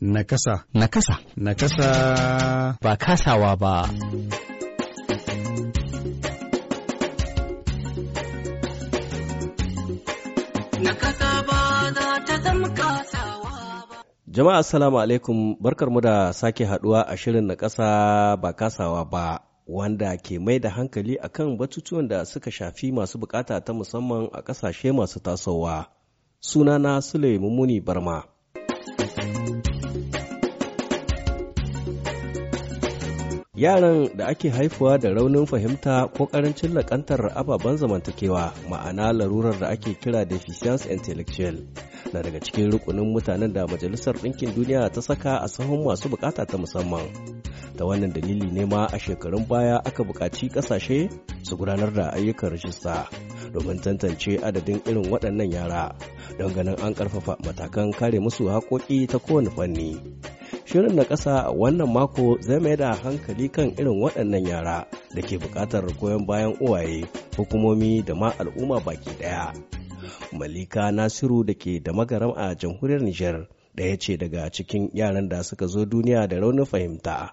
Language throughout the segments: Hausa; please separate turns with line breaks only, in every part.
Nakasa. Nakasa. Nakasa. Ba kasawa ba. Jama'a Salamu alaikum barkarmu da sake haduwa a shirin na ƙasa ba kasawa ba wanda ke mai da hankali a kan batutuwan da suka shafi masu bukata ta musamman a ƙasashe masu tasowa. Sunana Sule Muni Barma. yaran da ake haifuwa da raunin fahimta ko karancin lakantar ababen zamantakewa ma'ana larurar da ake kira deficiency intellectual na daga cikin rukunin mutanen da majalisar ɗinkin duniya ta saka a sahun masu bukata ta musamman ta wannan dalili ne ma a shekarun baya aka buƙaci ƙasashe su gudanar da ayyukan rajista domin tantance adadin irin waɗannan yara don ganin an ƙarfafa matakan kare musu haƙoƙi ta kowane fanni. shirin na ƙasa wannan mako zai mai da hankali kan irin waɗannan yara da ke buƙatar goyon bayan uwaye hukumomi da ma al'umma baki ɗaya malika nasiru da ke da magaram a jamhuriyar nijar ɗaya ce daga cikin yaran da suka zo duniya da raunin fahimta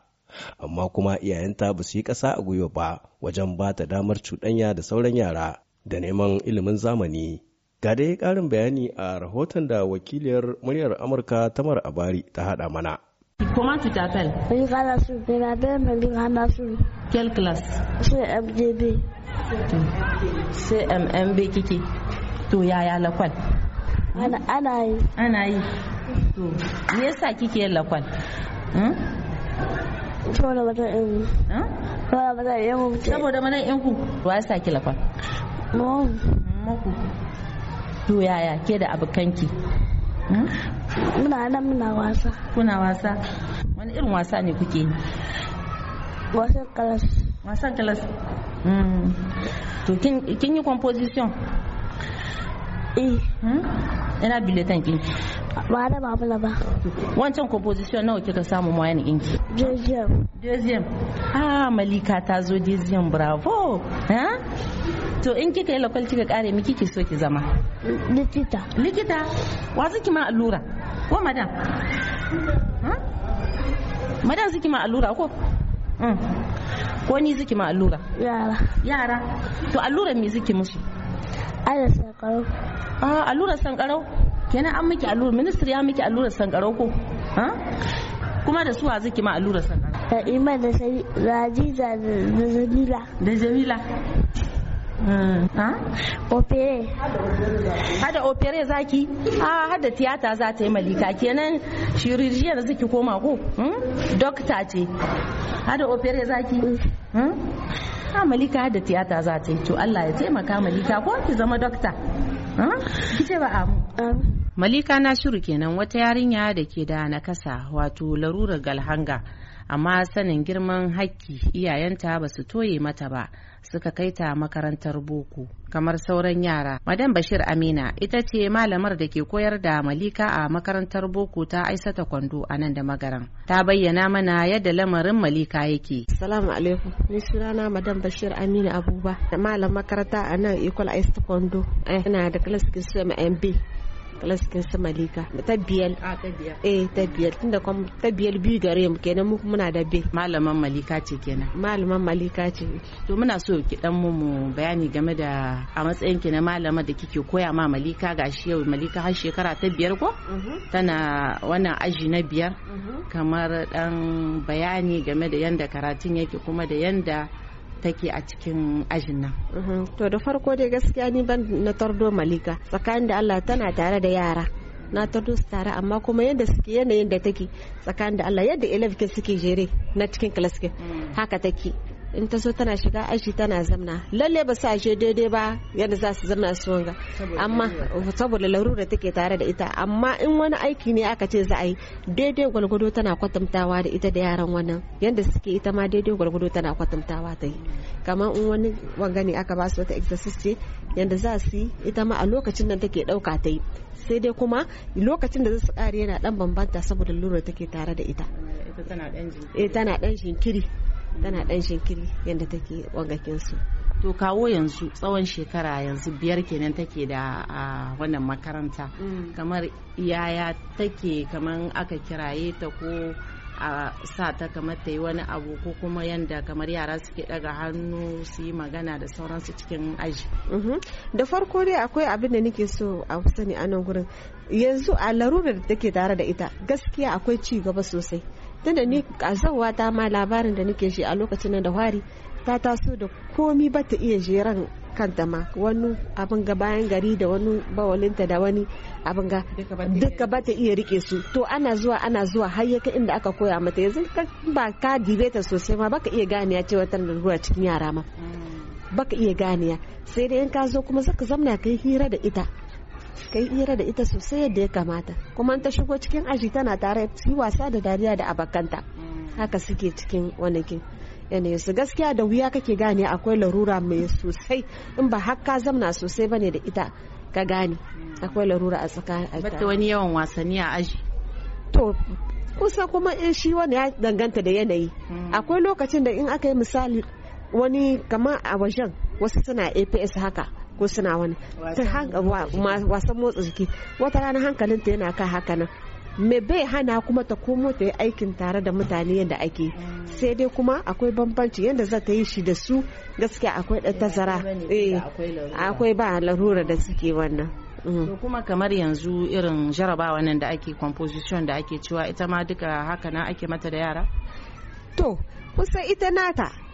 amma kuma iyayenta ba su yi ƙasa a gwiwa ba wajen ba ta damar cuɗanya da sauran yara da neman ilimin zamani ga dai ƙarin bayani a rahoton da wakiliyar muryar amurka tamar abari ta
haɗa mana Comment tu t'appelles Je m'appelle Quelle classe C'est MDB. Kiki. To yaya lakwal? Ana yi. na yi. To me yasa kike yin lakwal? Saboda mata yanku. Saboda mata yanku. Saboda mata yanku. Wa yasa ki na Mamu. Maku. To yaya ke da abokanki? muna nan muna wasa kuna wasa wani irin wasa ne kuke wasan kalas wasan kalas mm. to kin yi composition eh hmm? ina biletan kinki ba da ba bula ba wancan composition nawa kika samu ma yana kinki deuxième deuxième ah malika ta zo deuxième bravo ha to in kika yi lakwal kika kare miki ki so ki zama likita likita wa zaki ma allura ko madam hmm? madam zaki ma allura ko hmm. ko ni zaki ma allura yara yara to allura me zaki musu ala sankarau ah allurar sankarau kenan an miki allura ministry ya miki allurar sankarau ko kuma da suwa zaki ma allurar sankarau da iman da sai rajiza da jamila da jamila Mm. opere hada opere zaki a hada tiyata za ta yi malika kenan shirirjiyar ziki koma ko hmm? dokta ce hada opere zaki hmm? a malika hada tiyata za ta yi to Allah ya taimaka malika ko ki zama dokta hmm? ki ce ba amu malika na shuru kenan wata yarinya da ke da nakasa wato larurar galhanga amma sanin girman hakki iyayenta ba su toye mata ba suka kai ta makarantar boko kamar sauran yara madam bashir amina ita ce malamar da ke koyar da malika a makarantar boko ta aisata kwando a nan da magaran ta bayyana mana yadda lamarin malika yake salamu alaikum ni sunana
madam bashir amina abuba da malam makaranta a nan ikwal aisata kwando eh, ina da class mb class kin su malika ta biyar ah, eh ta biyar tunda kuma ta biyar biyu gare mu kenan mu muna da be malaman malika ce kenan malaman malika
ce to muna so ki dan mu bayani game da a matsayin ki na malama da kike koya ma malika gashi yau malika har shekara ta biyar ko mhm. tana wannan aji na biyar mhm. kamar dan bayani game da yanda karatun yake kuma da yanda
take a cikin ajin nan. Mhm. To da farko dai gaskiya ni ban na tardo malika tsakanin da Allah tana tare da yara. na tardo su tare amma kuma yadda suke yanayin da take tsakanin da Allah yadda elef suke jere na cikin kilaskin mm. haka take in ta so tana shiga aji tana zamna lalle ba su ashe daidai ba yadda za su zamna su wanga amma saboda da take tare da ita amma in wani aiki ne aka ce za a yi daidai gwalgwado tana kwatantawa da ita da yaran wannan yadda suke ita ma daidai gwalgwado tana kwatantawa ta yi kamar in wani wanga ne aka ba su wata exercise ce yadda za su yi ita ma a lokacin nan take dauka ta yi sai dai kuma lokacin da za su kare yana dan bambanta saboda larura take tare da ita tana dan jinkiri eh, tana dan shinkiri yadda
take wagakin su to kawo yanzu tsawon shekara yanzu biyar kenan take da a wannan makaranta mm. kamar yaya take kamar aka kiraye ta ko a sa ta kamar ta yi wani abu ko kuma yadda kamar yara suke daga hannu su yi magana da sauransu cikin aji. Mm-hmm.
da farko dai akwai abin da nake so a sani a nan gurin yanzu a larurar da take tare da ita gaskiya akwai ci gaba sosai tunda ni kazawa ta ma labarin da nake shi a lokacin da wari ta taso da komi ba ta iya jeran kanta ma wani abin ga bayan gari da wani bawalinta da wani abin ga duka ba ta iya rike su to ana zuwa ana zuwa har yaka inda aka koya mata yanzu ba ka dibe ta sosai ma baka iya ganiya cewa tana da cikin yara ma mm. baka iya ganiya sai da in ka zo kuma zaka zamna kai hira da ita ka yi hira da ita sosai yadda ya kamata kuma ta shigo cikin aji tana tare su wasa da dariya da abakanta haka suke cikin wanakin yanayin su gaskiya da wuya kake gane akwai larura mai sosai in ba har ka zamna sosai bane da ita ka gane akwai larura a tsakanin bata wani yawan wasanni a aji to kusa kuma in eh shi wani ya danganta da yanayi hmm. akwai lokacin da in aka yi misali wani kamar a wajen wasu suna aps haka ko suna wani wasan motsa jiki wata rana hankalin ta yana kan haka nan me bai hana kuma ta komo ta yi aikin tare da mutane yadda ake sai dai kuma akwai bambanci yadda za ta yi shi da su gaskiya akwai ɗan tazara akwai eh, ba larura da suke wannan
mm. kuma kamar yanzu irin jarabawa nan da ake composition da ake cewa ita ma duka haka na ake mata da yara
to kusa ita nata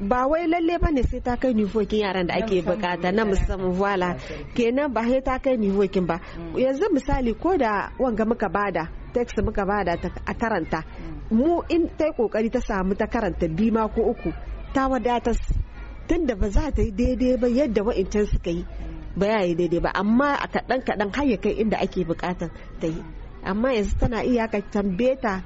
ba wai lalle ba ne sai ta kai nufokin yaran da ake bukata na musamman wala kenan ba sai ta kai nufokin ba mm. yanzu misali ko da wanga muka bada text muka bada a karanta mm. mu in ta yi kokari ta samu ta karanta bima ko uku ta tun da ba za ta yi daidai ba yadda wa'incan suka yi ba ya yi daidai ba amma a kaɗan kaɗan har ya kai inda ake bukatar ta yi amma yanzu tana iya ka tambaye ta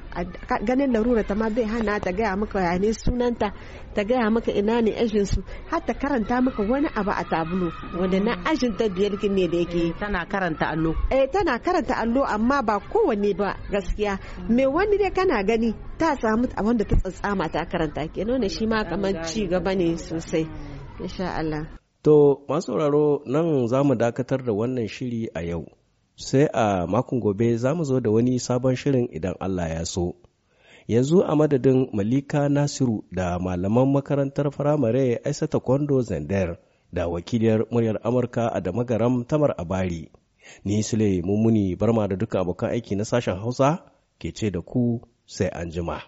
ganin larura ta ma bai hana ta gaya maka yane sunanta ta gaya maka ina ne ajin su har ta karanta maka wani abu a tabulo wanda na ajin ta biyar ne da yake eh, tana karanta allo eh tana karanta allo amma ba kowanne ba gaskiya me wani dai kana gani ta samu wanda ta tsatsama ta karanta kenan ne shi ma kamar ci gaba ne sosai insha Allah
to masu sauraro nan zamu dakatar da wannan shiri a yau sai a makon gobe za mu zo da wani sabon shirin idan Allah ya so. Yanzu a madadin Malika Nasiru da malaman makarantar firamare Aisata Kwando Zander da wakiliyar muryar Amurka a Damagaram Tamar Abari. Ni Sule Mummuni Barma da duka abokan aiki na sashen Hausa ke ce da ku sai an jima.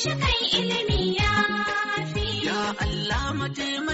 Na ilimi ya Ya Allah